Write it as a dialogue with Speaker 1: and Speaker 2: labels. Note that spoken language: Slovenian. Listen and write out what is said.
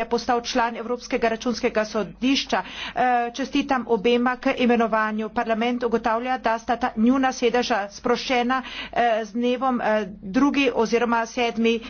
Speaker 1: je postal član Evropskega računskega sodišča. Eh, čestitam obema k imenovanju. Parlament ugotavlja, da sta ta njuna sedeža sprošena eh, z dnevom 2. Eh, oziroma 7.